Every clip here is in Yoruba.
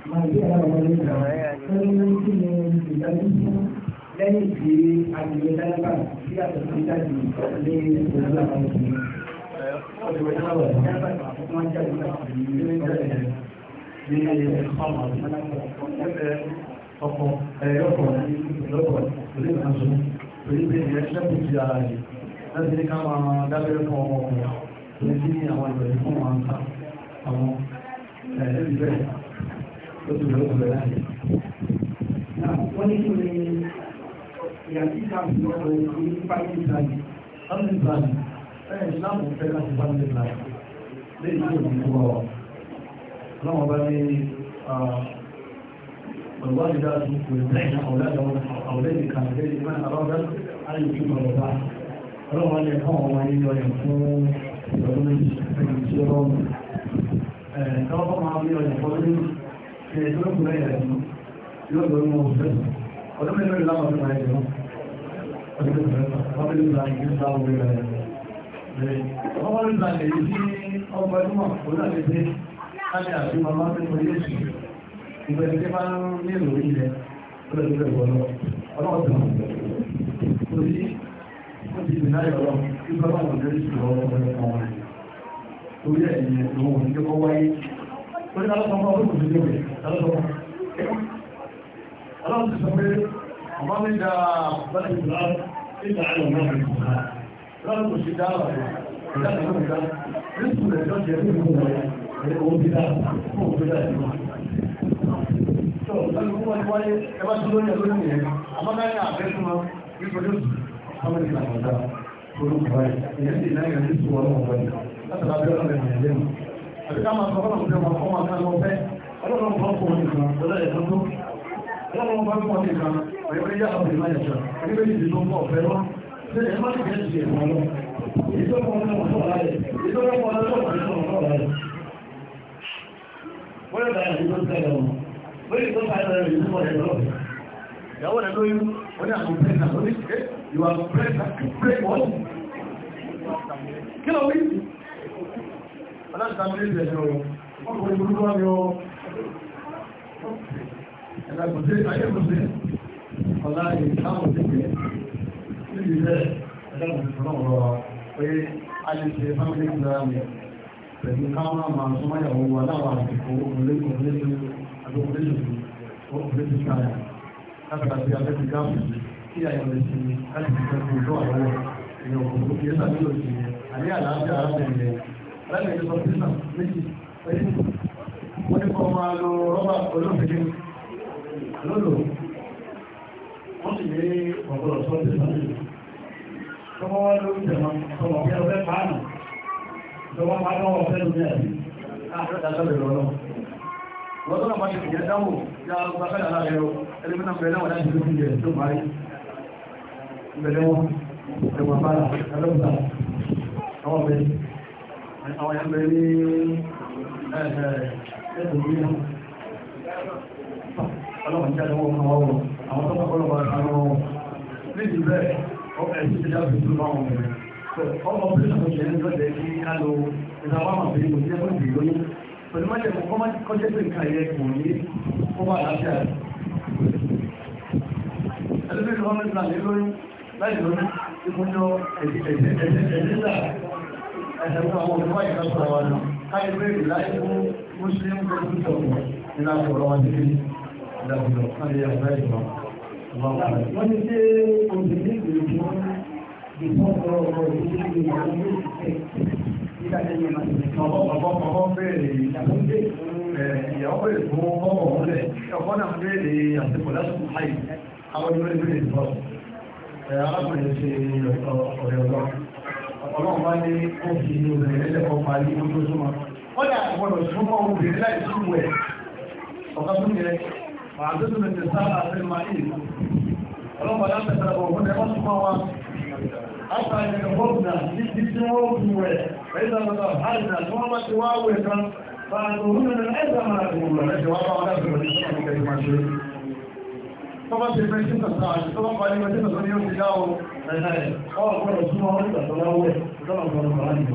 lẹ́yìn tí àgbègbè dáríbà sí àtẹ̀sí jáde ní ìpínlẹ̀ àwọn obìnrin ọdún ìdáwọ̀ dáríbà àkọ́kọ́ máa jáde láti ilé ìjọba ní ọmọ ọkọ̀ ẹ̀yọ́kọ̀ ní ìlọ́kọ̀ lórí ìrìnàjò lórí pé ìyẹn ṣẹ́kù sí ara rẹ̀ láti ní ká máa dábẹ́rẹ́ fún ọmọ ọkọ̀ lórí sí àwọn ìbẹ̀rẹ̀ fún àwọn ẹ̀ẹ́dẹ̀bẹ̀rẹ̀ lójú ló ń láti. wọ́n ní kí ni ìyàtí káàpù lọ́wọ́ ìlú fáìlì ìlànà ọ̀nà ìlànà ẹ̀yẹ ìsìláàmù fẹ́ láti bá ní ìlànà lẹ́yìn tí òbí wà wà. ọlọ́wọ́n bá ní والله لا يطلقون أولادهم أولادي كان غير من أراد أن يقيم ṣe tó ń kúrẹ́ ìrẹ̀lú yóò lórí wọn òṣèlú ọdún mẹ́rin lórí láwọn ọdún àìjẹ́ wọn ọdún mẹ́rin lórí láwọn ọdún àìjẹ́ wọn ọdún mẹ́rin lórí láwọn ọdún àìjẹ́ wọn ọdún mẹ́rin lórí láwọn ọdún àìjẹ́ wọn ọdún mẹ́rin lórí láwọn ọdún àìjẹ́ wọn ọdún mẹ́rin lórí láwọn ọdún àìjẹ́ wọn ọdún mẹ́rin lórí láwọn ọdún àìjẹ́ wọn ọdún mẹ́rin lórí láwọn ọdún àìjẹ́ wọn ọdún mẹ́rin lórí láwọn ọdún àìjẹ́ wọn ọdún mẹ́rin lórí láwọn ọdún àìjẹ́ wọn ọdún mẹ́rin lórí láwọn ọdún àìjẹ́ wọn ọdún mẹ́rin lórí láwọn ọdún àìjẹ́ wọn ọdún mẹ́rin lórí láwọn ọdún àìjẹ́ wọn ọdún mẹ́rin ọlọ́run ti sọ pé ọmọ mi dá bẹ́ẹ̀ ìgbà ìgbà àwọn ọmọ mi lọ́rùn kò sí dáhà ìdá kan lóògbà nítorí rẹ̀ tó jẹ́ nínú rẹ̀ ẹ̀ owó ti dá fún òkú dá ìlú. tó lọ́rùn kó wáyé wáyé ẹ bá tún lóyún lóyún yẹn àmọ́ ká ní àbẹ́ fún wọn ní pẹ̀lú àwọn ìgbà kan dá olóògbà báyìí ìyẹn sì náà yẹn ní ìṣòwò ọlọ́run báyìí látàlá bí ọlọ́run ẹ̀ ọlọ́run bá fún ọdún kan ọlọ́run ẹ̀sán tó ọlọ́run bá fún ọdún kan ẹgbẹ́ yìí tó ń bọ̀ ọ̀fẹ́ lọ sí ẹ̀má ti kẹ́ sí ẹ̀mọ́ lọ ìjọba ọmọ ọmọ ọ̀la rẹ̀ ìjọba ọmọ ọlọ́run ọmọ ọ̀la rẹ̀ wọ́n yóò dára ìjọba ìjọba ọmọ wọ́n yóò dára ìjọba ìjọba ọmọ ẹ̀dàgbọ̀sẹ̀ ayébùsẹ̀ ọ̀la ìdáhùnsẹ̀ yẹn níbi iṣẹ́ ẹ̀dàgbọ̀sẹ̀ náà rọ pé a lè ṣe fámílì ìdáhùn pẹ̀lú káwọn máa súnmọ́ ìyàwó wa láwọn àsìkò òkúlẹ́sùn àdókúlẹ́sùn òkúlẹ́sùn káyà látara sí abẹ́bí gáàmù kí àyàn lè ṣe láti fi fẹ́ ojú àwọn èèyàn òkú kí ẹ sàbílò sí àní àlàáfíà arábìnrin rẹ̀ lẹ́yìn ìjọba pírísà méjì mo máa lo rọ́bà olóòfin lọ́lọ́ wọ́n sì ní ọ̀gọ́rọ̀ sọ́ọ̀tì sọ́ọ̀tì tó wá lórí ìjọba ọmọ bí ọfẹ́ pàánù tó máa lọ́wọ́ ọfẹ́ lórí àti àtàkàlẹ̀ àwọn ọ̀bẹ̀ ní ẹ̀ẹ̀ Ọlọ́run jẹ́ muslim professor nínú àkọ̀rọ̀ wọn ti dàbílọ̀ kárí àgbá ti ṣe obìnrin ìlú tí wọ́n wọ́n ti ṣe Ọkọ̀ bèèrè ìyàwó bèèrè fún ọmọ òun lẹ̀, ọkọ̀ náà bèèrè àsìkò lásìkò àì, àwọn ìwé bèèrè ìfọ́sùn arákùnrin ṣe ọ̀rẹ́ ọlọ́run ọlọ́run bá ní ó fi obìnrin lẹ́lẹ́kọ̀ọ́ parí ó tó súnmọ́ ó ní àgbọ̀dọ̀ súnmọ́ obìnrin láì súnmọ́ ẹ̀ ọ̀kan tó yẹ màá tó tún lè sáà àti màá yìí ọlọ́pàá láti ẹ̀sẹ̀ ọ̀pọ̀ òun ẹ̀kọ́ súnmọ́ wa àtà ìrìnàbọ̀nà títí tí wọ́n fi wẹ̀ ẹ̀yìn àgbàdo àìsà tí wọ́n bá ti wá wẹ̀ kan báyìí òun nínú ẹ̀sẹ̀ máa dùn lọ lẹ́sẹ̀ wá bá wọn láti rẹ̀ nípa ìkẹ́ ìmọ̀ ṣe tọ́ba ti o ẹ̀ẹ́ ọ̀gbọ́dọ̀ súnmọ́ wọn nígbà tó láwẹ̀ tọ́ba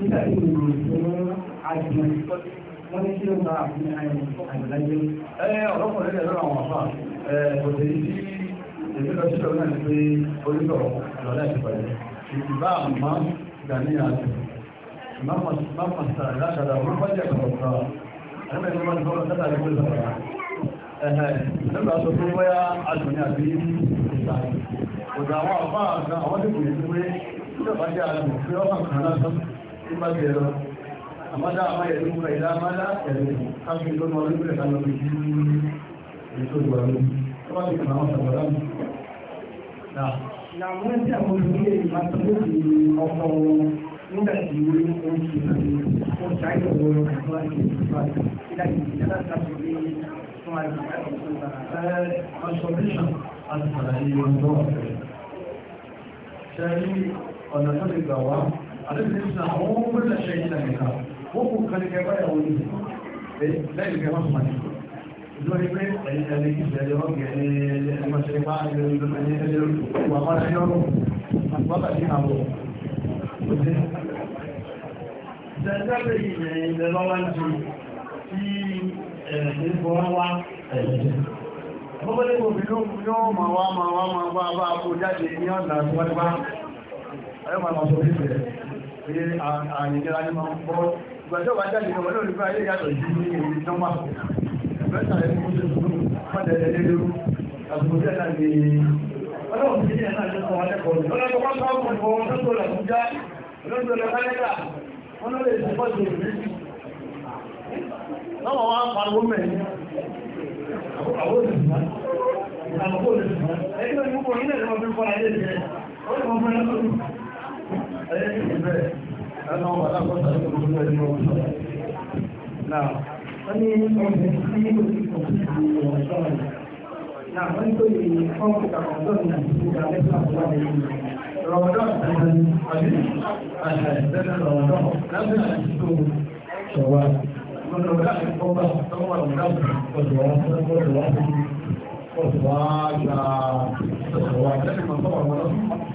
nígbà tí mo lò fún àjùmọ̀ wọ́n ní kí ló bá àfihàn àìmọ̀láyé. ẹ ọ̀rọ̀kùnrin rẹ̀ lọ́rọ̀ àwọn àfà kò tẹ̀ sí èmi lọ sí ọ̀rọ̀ náà ni pé onígbọ̀rọ̀ lọ́lá ìpàdé ìbá àmọ́ gani àti mọ́mọ́sá látara wọ́n bá jẹ́ kọ̀ọ̀kan ẹgbẹ́ ni wọ́n lọ́rọ̀ sátà ní pẹ̀lú ọ̀rọ̀ ẹ̀hẹ́ nígbà tó tó bóyá àjùmọ̀ àbí ìgbà ọ̀dọ̀ àwọn àfà àwọn tí kò ní pé tí ọ̀bá jẹ́ àjùmọ̀ pé ọ tí bá jẹ lọ àmọ́dá àmá ẹ̀rí mú ẹ̀dá àmọ́dá ẹ̀rí káfí lọ́nà ọdún rẹ̀ kan lọ́dún sí ètò ìwà ló tó bá ti kàn àwọn sàgbàdá mi. Làwọn ẹgbẹ́ àwọn olùdíje ìbátanlódì ọkọ̀ wọn nígbà tí ó ń kó ṣe ó ṣàìsàn wọn àti wọn àti ìfúnpá ìdájì ìdájì láti rí fún àìsàn láti fún ìgbà. Ẹ consultation àti àlàyé ọjọ́ ọ̀fẹ́. Ṣé ọ̀nà tó lè gbà wá àdébìsíṣà àwọn ohun mẹ́lẹ̀ ṣe ìlẹ̀ nìkan ó kù kan ní kẹfà ìyàwó ní lẹ́yìn kẹfà sọmọ ní ìjọba pé ẹ̀yìn ẹ̀lẹ́ kí ìṣẹ̀lẹ̀ ọ̀gẹ̀ ní ẹgbẹ̀ṣẹ̀ bá ẹ̀lẹ́ wà máa ṣe ọ̀rọ̀ àgbàbà ní àwọ̀ òṣè ìṣẹ̀lẹ̀ ìṣẹ̀lẹ̀ lọ́wọ́ ń ju tí ẹ̀rẹ̀ tó wá wá ẹ̀lẹ́ Ọmọdé kò fi ló ń fi yọ́ ma wá ma wá ma bá bá kó jáde ní ọ̀nà àti wọ́n ti bá. Ayọ́ ma lọ sọ orí ìṣẹ̀lẹ̀ pé àìlera ní máa ń bọ́ ìgbàjọ́ wà jáde ìjọba lórí fún ayé yàtọ̀ sí ní èyí tó máa bẹ́ẹ̀ sàrẹ́ fún ṣe fún mọ́tẹ̀lẹ̀ lérò àsìkò tí ẹ̀nà lè ọlọ́run sí ẹ̀nà lè sọ wọn lẹ́kọ̀ọ́ lọ́dọ̀ tó kọ́kọ́ ọkọ̀ ọ̀rọ̀ tó lọ fún já lọ́dọ̀ lọ kálẹ́kà wọn lè sọ pọ́ sí òbí lọ́wọ́ wa pariwo mẹ́rin àwọn òṣìṣẹ́ àwọn òṣìṣẹ́ ẹgbẹ́ ìmúkọ̀ nílẹ̀ lọ́wọ́ fi fọ́ ayé jẹ́ ó lè wọ́n fẹ́ lọ́dọ̀ ẹ̀yẹ́ ní ìbẹ̀ ẹ̀nà ọmọ alákọ̀ọ́sà ní gbogbo ẹni wọn sọ náà wọ́n ní ọ̀gbìn tí ó ti kọ̀ sí ìlú ọ̀ṣọ́ rẹ̀ náà wọ́n tó yẹ kọ́ńtù kàkọ́ńtò ní àdúgbò àlẹ́kọ̀ọ́ àwọn ẹ̀yìn rọ̀mọdọ́n àti àbí àṣà ìbẹ̀rẹ̀ rọ̀mọdọ́n lábẹ́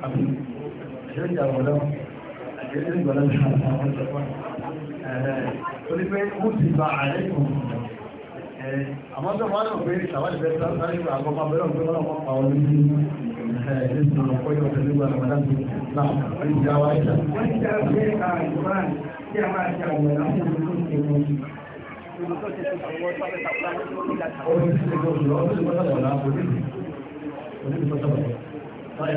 Àmọ́ tó máa ń pè ṣàwádìí bẹ́ẹ̀ sáré ìgbà àkọ́kọ́ bẹ́ẹ̀ ọ̀gbẹ́ wọn ọ̀pọ̀ àwọn olóyìn ẹ̀ẹ́dẹ́ ìṣòro ọ̀pọ̀lọpọ̀ ìgbà àgbàdá tó náà wọ́n ti jáwá ìjà. Wọ́n ti jáwá ìjà ìgbọ́n tí a máa ṣe àwọn ẹ̀rọ àwọn olóyìn Oye,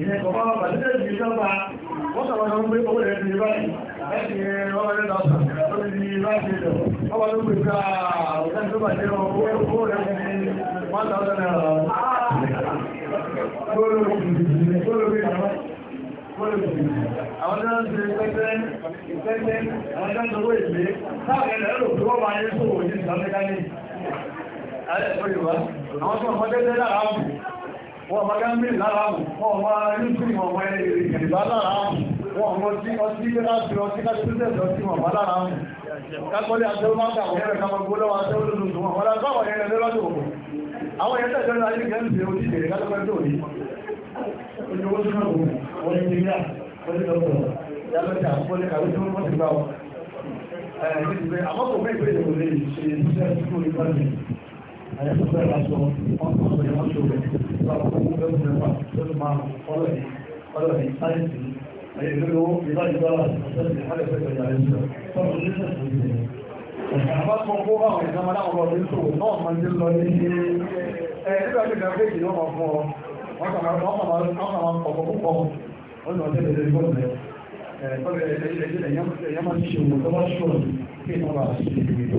ìyẹn kọ̀ọ̀bá wà ní ẹ̀sìn ìjọba wọ́n sọ̀rọ̀ lọ pé owó rẹ̀ ti báyìí láti ọmọ rẹ̀ lọ́sàn tó ti di láti ìjọ ọmọ ló pè ká ọ̀gá tó bàjẹ́ owó rẹ̀ ti di one thousand naira àwọn ń ṣe pẹ́pẹ́ ìpẹ́pẹ́ àwọn tó ń sọwọ́ ìgbé láàrin ń sòwò ń mọ́ wọ́n ma gámbé lára mù wọ́n ma yúkúrì wọ́n ma ìrìnbá lára mù wọ́n mọ́ tí ọtí láti ọtí láti tó tẹ̀sọ̀ tí wọ́n bá lára mù kákọ́lé àtẹ́wọ́ máa kà wọ́n ẹ̀rẹ̀ ká máa gbólọ́wọ́ àtẹ́wọ́ lóṣù wọn wọ́n lára báwọn ẹ̀rẹ̀ lọ́dọ̀ òkú àwọn ẹ̀rẹ́ tẹ̀sọ̀ ní ayé gẹ̀ẹ́sì ojú ìrẹ̀ kákọ́lé tó àyàfẹ́fẹ́ aṣọ ọkọ̀ ìránṣọ rẹ̀ nípa ọkọ̀ mẹ́rin mẹ́fà lọ́dún máa ọlọ́rin ọlọ́rin sáyẹ́ǹsì àyẹ̀lẹ́wọ́ ìbájúbára àti àyẹ̀fẹ́fẹ́ ìyàrẹ́sọ tọ́lọ̀ ní sẹ́sọ̀ ìrìn Àwọn akọ̀kọ́ àwọn ìdámọ́ láwọn ọmọ orí ṣòwò náà máa ń lọ ní ṣe ẹ̀ẹ́dẹ́gbẹ̀rẹ́ ìdámẹ́jì ló máa fún ọ. Wọ́n kà máa ń kọ̀kọ́ púpọ̀ ó lọ sí ẹ̀ẹ́dẹ́gbẹ̀rẹ́ ìgbọ́nà rẹ̀. Ẹ̀ẹ́dẹ́gbẹ̀rẹ́ ẹ̀yẹ́ máa ń ṣe òun tó bá ṣòro kí wọ́n bá ṣe ìgbìyànjú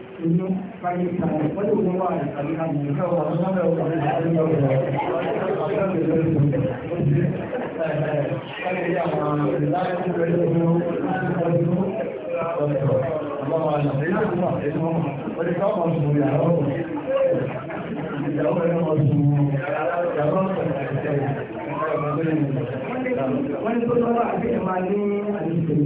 inú wọ́n lè wọ́n lọ́wọ́ ọ̀rọ̀ ìtàlẹ̀ ọ̀rọ̀ àti ẹ̀mà ní àdìsẹ̀ yìí.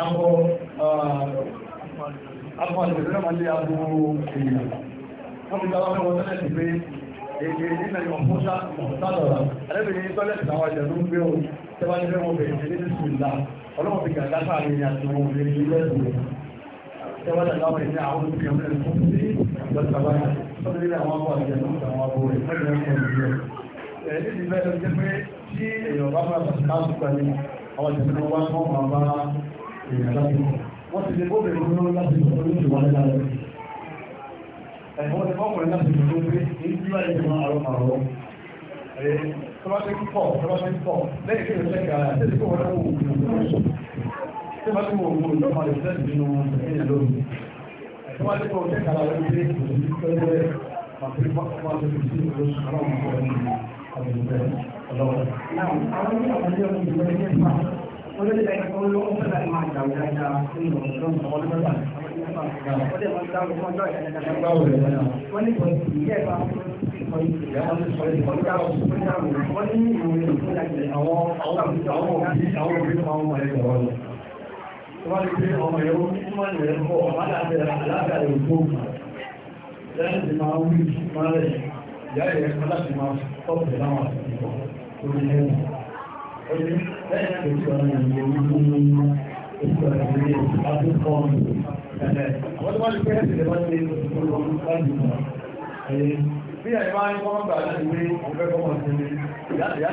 àpọ̀ àpọ̀ àjẹ̀sẹ̀ máa lé àpò èèyàn wọ́n ti gbáwọ́ mẹ́wọ́n tẹ́lẹ̀ ti pé èdè nílẹ̀ yọ̀ fún sádọ̀rà ẹlẹ́bìnrin tọ́lẹ̀tì àwọn àjẹ̀sẹ̀ ń gbé o tẹ́wàá ní fẹ́wọ́n bẹ̀rẹ̀ ní sísùlá ọlọ́wọ́n fi gàdá sáàrin àti wọn lè ní lẹ́sùn tẹ́wàá lẹ́láwọ̀ ìní àwọn olùkọ́ ìrìnlẹ̀ fún sí ìjọba tọ́lẹ̀ àwọn àpò àjẹ̀sẹ̀ àwọn àpò rẹ̀ mẹ́rin ẹ̀kọ́ ìrìnlẹ̀ èèyàn láti kọ̀. Wọ́n ti lè bóbèrè lóró láti kọ̀ lórí ìwádìí lára rẹ̀. Ẹ̀wọ́n ti fọ́kùnrin láti kọ̀ ló pé èyí tí wáyé máa àrọ́ àrọ́. Ẹ̀ tọ́lọ́sí pọ̀ tọ́lọ́sí pọ̀ lẹ́yìn tí ó ṣe kàrà àti ìdíkò wọn lọ́wọ́ òkú lọ́wọ́. wọ́n ti wọ òkú Ọjọ́ ìdájọ́ kan ló ń fẹ́ máa jà ìdájá nínú ọ̀dọ́n àwọn ọlọ́dọ́dà. Ọjọ́ ìdájọ́ kan ló ń fẹ́ máa jà ìdájá nínú ọ̀dọ́n àwọn Bí ẹ̀yìn máa ń kọ́ mọ́gbà láti wé ìyá náà jẹ́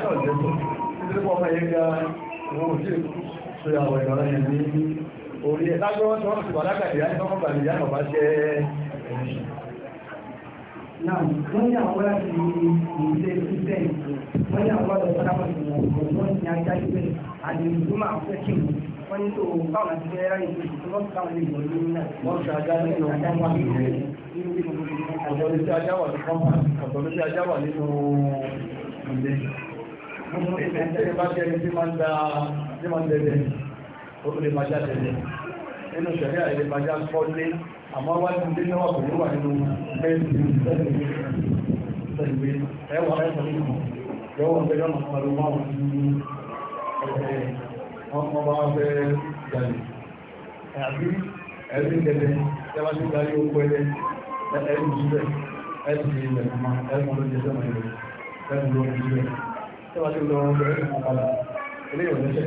tó, títí náà wọ́n ní àwọn láti ní ìṣe ṣíṣẹ́ wọ́n ní àwọn lọ́dọ̀ sábà ìṣòwò wọ́n ní ajá ìṣe àdìrúdú máa fẹ́ kí ni wọ́n ní tó báwọn láti fẹ́ ráyè tó wọ́n ti káwọn lè gbọ́ ní náà. wọ́n ṣe ajá nínú ọ̀dọ́lé tí ajá wà ní kọ́mpà ọ̀dọ́lé tí ajá wà nínú ìdè. ìṣẹ̀lẹ̀ bá jẹ́ ẹni tí máa ń da tí máa ń dẹ̀dẹ̀ ó lè máa já dẹ̀dẹ̀ nínú ìṣẹ̀lẹ̀ àìlè máa já kọ́ àmọ́ wá ní ilé náà pẹ̀lú wà nínú ẹ̀sìn gẹ̀gẹ̀ tẹ́wà sí darí oko ẹ̀lẹ́ ẹ̀rù jílẹ̀ ẹ̀sìn ilẹ̀ ọmọ ẹ̀mọ ló jẹ́ sọ́nà ilẹ̀ ẹ̀mọ ló jẹ́ tẹ́wà sí lọ́wọ́ ẹ̀rù ọ̀pàdà ilé ìwọ̀lẹ́sẹ̀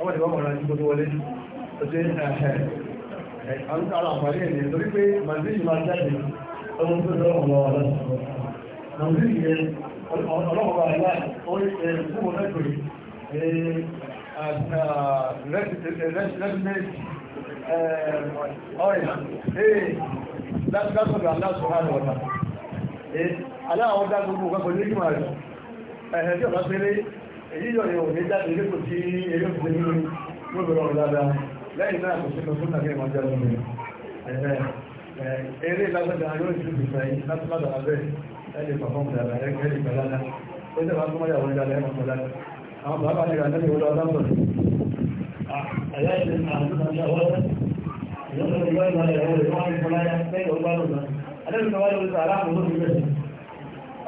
ọmọdé wọ́n mọ̀ra ní gbogbo wọlé tó ṣe ara àpàrí ẹ̀yẹ torí pé màdíjì máa jáde ọmọ tó ṣe ọmọ ọ̀rọ̀ màdíjì yẹ ọlọ́pàá àlá orí ẹ̀ẹ́dẹ́gbọ̀n mẹ́kùnrin rẹ́sìdẹ́sì ọ̀rẹ́ látọ̀dọ̀ aláṣọ́hánà ọ̀tà aláwọ̀ dá gbogbo ọgbẹ́gbẹ́ ní ìmọ̀ rẹ̀ ẹ̀ẹ́dẹ́ ọ̀lá èyí yọ yóò ní jáde lẹ́kọ̀ọ́ tí eré fún mi ló bẹ̀rẹ̀ ọ̀rọ̀ dáadáa lẹ́yìn náà kò sí lọ fún àgbẹ̀ ìmọ̀já lọ́wọ́ eré lágbàdà yóò ti fi fẹ́ láti má dàgbà bẹ́ẹ̀ ẹ̀lẹ́ pàfọ́m dáadáa ẹ̀lẹ́ ìgbàláda ó jẹ́ bá tó mọ́yà wọn dáadáa ẹ̀mọ̀ pọ̀láda àwọn bàbá ti rà lẹ́yìn olú ọlọ́pọ̀ Àyá ìdí àwọn ọmọ ìyàwó rẹ̀, ìyọ́n tó ń gbọ́ ìmọ̀ ìyàwó rẹ̀, wọ́n á ń fọláyà lẹ́yìn ọgbà lọ́gbà. Adébìnrin wáyé ló sọ aláàmú ló fi bẹ̀rẹ̀.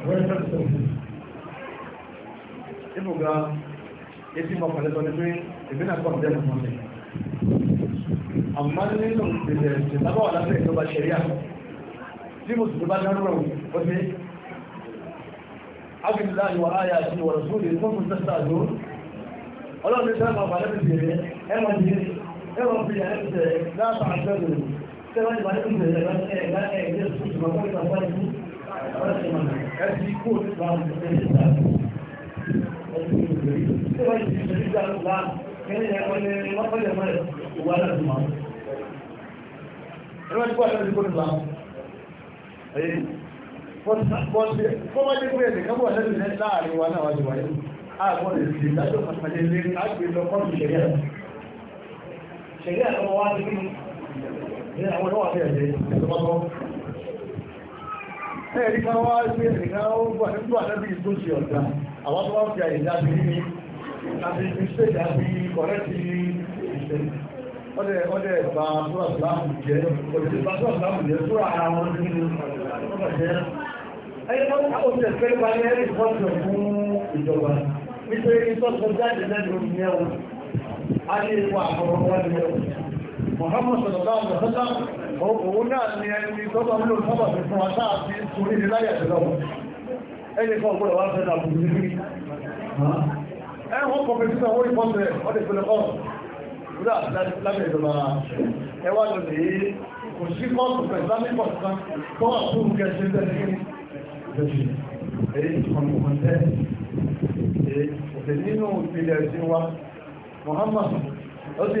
ibùgbà etí mọ̀ pàlẹ́tọ́ ní pé èmi náà kọ́ ọ̀dẹ́ mọ̀ mọ́lẹ̀ àmọ́ nínú ìpìlẹ̀ ìtàbọ̀ aláfẹ́ ìjọba ṣẹ̀ríà tí mo sì tó bá dárúrọ̀ wọ́pẹ́ ágbìlá ìwà ayà àti ìwà rọ̀súlì fún fún sẹ́sà àjò ọlọ́run ní sẹ́sà àpàdé bìbìrì ẹwà ní ẹwà fi ẹ̀ẹ́sẹ̀ láàpàá àjọ́rò tẹ́wọ́n ìbàdé bìbìrì ẹ̀ẹ́sẹ̀ ẹ̀sìn kó ní ìlànà ìgbésẹ̀ ìgbàlódé ẹ̀sìn ìgbèrí tí wọ́n ti ṣe nígbà ńlá kẹ́lẹ́ ẹ̀kọ́lẹ́ lọ́kọ́lẹ́ mọ́ ẹ̀ wà láti máa ẹ̀rọ ìgbà ẹ̀sìn kó ní ìlànà ẹ̀yẹ fọ́nmọ́dé pé ẹ̀sìn kábọ̀ ẹ̀sìn ní láàrin wa náà wájú wáyé àgbọ̀n ẹ̀sìn ìdájọ́ pàtàkì lé àgbè lọ́kọ́ ìṣẹ̀yà ṣẹ̀yà ọmọ wa ti kí ni àwọn ọmọ wa fẹ́ẹ̀ ẹ̀rí kan wá sí ẹ̀nìkan ó gbà nígbà àtẹ́bí tó ṣe ọ̀dá àwọn tó wá fi àyè dábí ní àti ìṣẹ́ dábí kọ̀rẹ́tì ìṣẹ́ ọdẹ ọdẹ ẹ̀bà tó àtìláàmù jẹ́ òṣèlú bá tó àtìláàmù jẹ́ tó ara wọn nínú ọ̀pọ̀jẹ́ ẹ̀yẹ́ tó ó ti ẹ̀fẹ́ bá ní ẹ̀rí ìfọ́sọ̀ fún ìjọba nítorí ìtọ́sọ Muhammad sallallahu alaihi wasallam òun náà ni ẹni tọ́gbà ń lò sábà fi fún àtà àti orí ní láyé àti lọ́wọ́ ẹni kan gbọ́dọ̀ wá fẹ́ dàbù ní bí ẹwọ́n kọ̀pẹ̀ títà wọ́n ìfọ́sẹ̀ ọdẹ̀ ìpínlẹ̀ kọ́ ìdá lábẹ́ ìjọba ẹwà lónìí kò sí kọ́ọ̀tù pẹ̀lú lámìpọ̀ kan tó wà fún kẹsí tẹ́lẹ̀ èyí ọmọkùn tẹ́ èyí òtẹ̀ nínú ìpínlẹ̀ sí wa Muhammad ó ti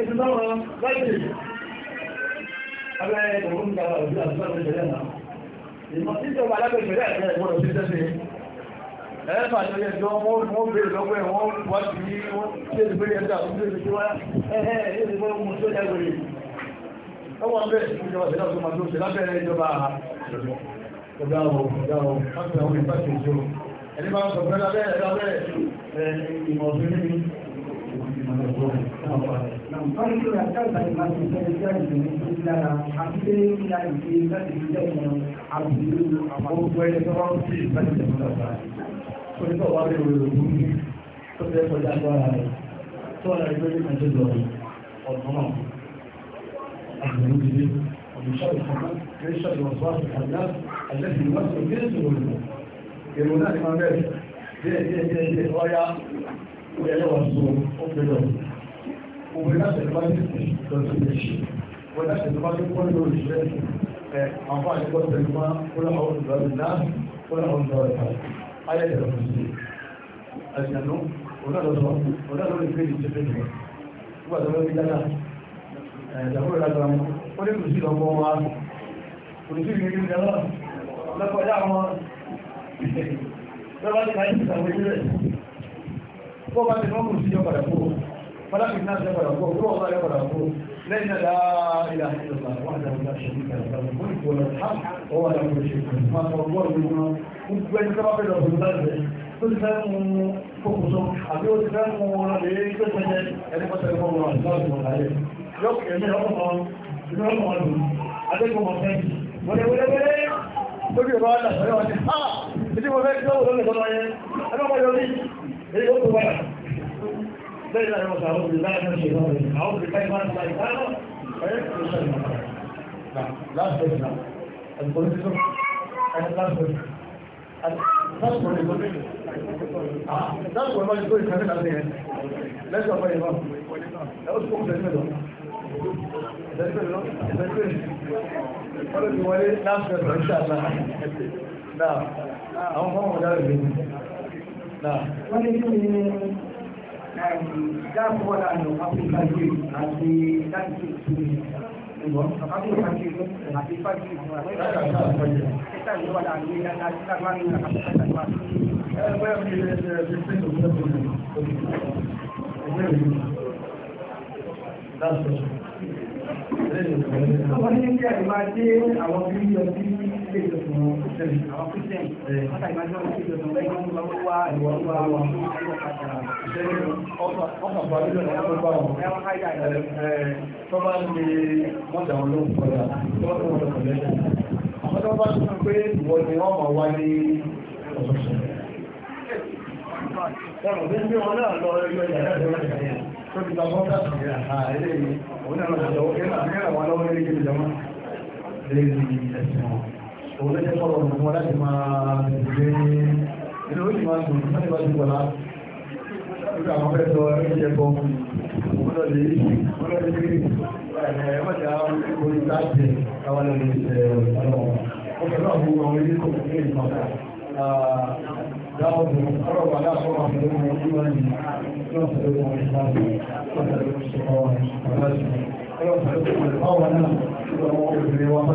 ẹ̀sùn táwọn láìpẹ́ abẹ́ ìgbòho ń gbára òjú àti láti ìṣẹ̀lẹ̀ náà ìmọ̀ títọ́ wà lábẹ́ ìṣẹ̀lẹ̀ àti ẹ̀gbọ́n òjú tẹ́sẹ̀ ẹ̀ẹ́fà àti ẹjọ́ wọ́n bèèrè lọ́wọ́ ẹ̀ wọ́n wá sí wọ́n tí èdè péré ẹ̀dá òjú èdè tí wá ẹ̀ẹ́ èdè wọ́n mú tó yẹ wèrè ọwọ́ bẹ́ẹ̀ ìjọba ìjọba tó máa tó ṣe lábẹ́ ìjọba ọ̀gá ọ̀gá ọ̀gá ọ̀gá ọ̀gá ọ̀gá Báyìí ló ra káàkiri àti máa ń ṣe ẹgbẹ́ ìgbìmọ̀ tó lára àti pé kí a lè ṣe láti fi lẹ́yìn àbúrò ẹlẹ́wọ̀n tó ó bẹ̀rẹ̀ òwe bó bá ti mọ́mù sí yọ padà kúrò fọláfíì náà yọ padà kúrò kúrò ọ̀la yọ padà kúrò lẹ́yìn náà dáa ilà ìjọba wà ní àwọn ìlàṣẹ ní kàlàkà mọ́ ìbò lọ ọ wà láwọn ìṣe máa sọ ọgbọ́n ìlú wọn gbogbo ẹni tó bá fẹ́ lọ sí láti tó ti fẹ́ mú fòkùsọ àbí ó ti fẹ́ mú wọn lè tó ti jẹ ẹni pọ́sẹ̀ ẹ̀kọ́ wọn àti láti wọn láyé yọ ẹ̀mí ọkọ̀ ìlú ọkọ̀ wọn lò adékùn ilé um- ah, ó tó wáyà bẹ́ẹ̀ náà wọ́n sàrọ́ òbí láàrín ṣe lọ́wọ́ rẹ̀ àwọn òbí káyí máa ń ta ìtàná ẹ̀ ló ṣe ìmọ̀ láti ẹ̀sìn náà ẹ̀kọ́ ní tó ẹni láti ẹ̀sìn láti ẹ̀sìn láti ẹ̀sìn láti ẹ̀sìn láti ẹ̀sìn láti ẹ̀sìn láti ẹ̀sìn lẹ́sọ̀ ọ̀pọ̀ ìwọ̀n ẹ̀ ó sì kókò wọ́n ní kí ni dáàbò láàrin áfíríkà yìí àti láti tó ìgbọ́n áfíríkà yìí àti fájì Àwọn ilé ẹ̀rọ máa dé àwọn bí i ọdún ṣe ìjọsìn àwọn christian ọ̀tà ìmájọ́ ṣe ìjọsìn ọ̀tà ìmájọ́ lọ́wọ́ wá ìwọ̀ wá wà fún ọ̀tà ọ̀tà pàdúrà ní àwọn ọgbà wọn ẹwọ́n káyà ẹ̀ tó bá ń lè mọ́jà wọn ló ń kọjá tó bá ń lè kọjá àwọn tó bá ń sọ pé ìwọ ni wọ́n mọ̀ wá ní ọ̀sọ̀ọ̀sọ̀ ẹ̀rọ bí bí wọn náà lọ ẹgbẹ́ yàrá ìjọba ìjọba tó ti gba bọ́ọ̀tà sí ẹ̀ha eléyìí òun náà lọ sí ọwọ́ kẹ́lá mẹ́rẹ̀ wọn lọ́wọ́ ní ìjọba lẹ́yìn ẹ̀sìn wọn òun lẹ́jẹ́ sọ̀rọ̀ ọ̀nà wọn láti máa gbé inú ó sì máa dùn láti máa dùn pọ̀lá nígbà àwọn fẹ́ sọ ẹgbẹ́ ẹ̀kọ́ òun lọ lè wọ́n lọ lè rí ẹ̀ẹ́mọ̀já orí táàjẹ̀ káwọn lọ lè ṣe ọ̀rọ̀ ọ̀pẹ̀lú àwọn ọmọ ilé kò ní ìpàdà dáwọ̀dù ọ̀rọ̀ wà láàpọ̀wà pẹ̀lú ọmọ ìwọ̀n ọmọ ìsìláàmù ọmọ ìsìláàmù ọmọ obìnrin ọmọ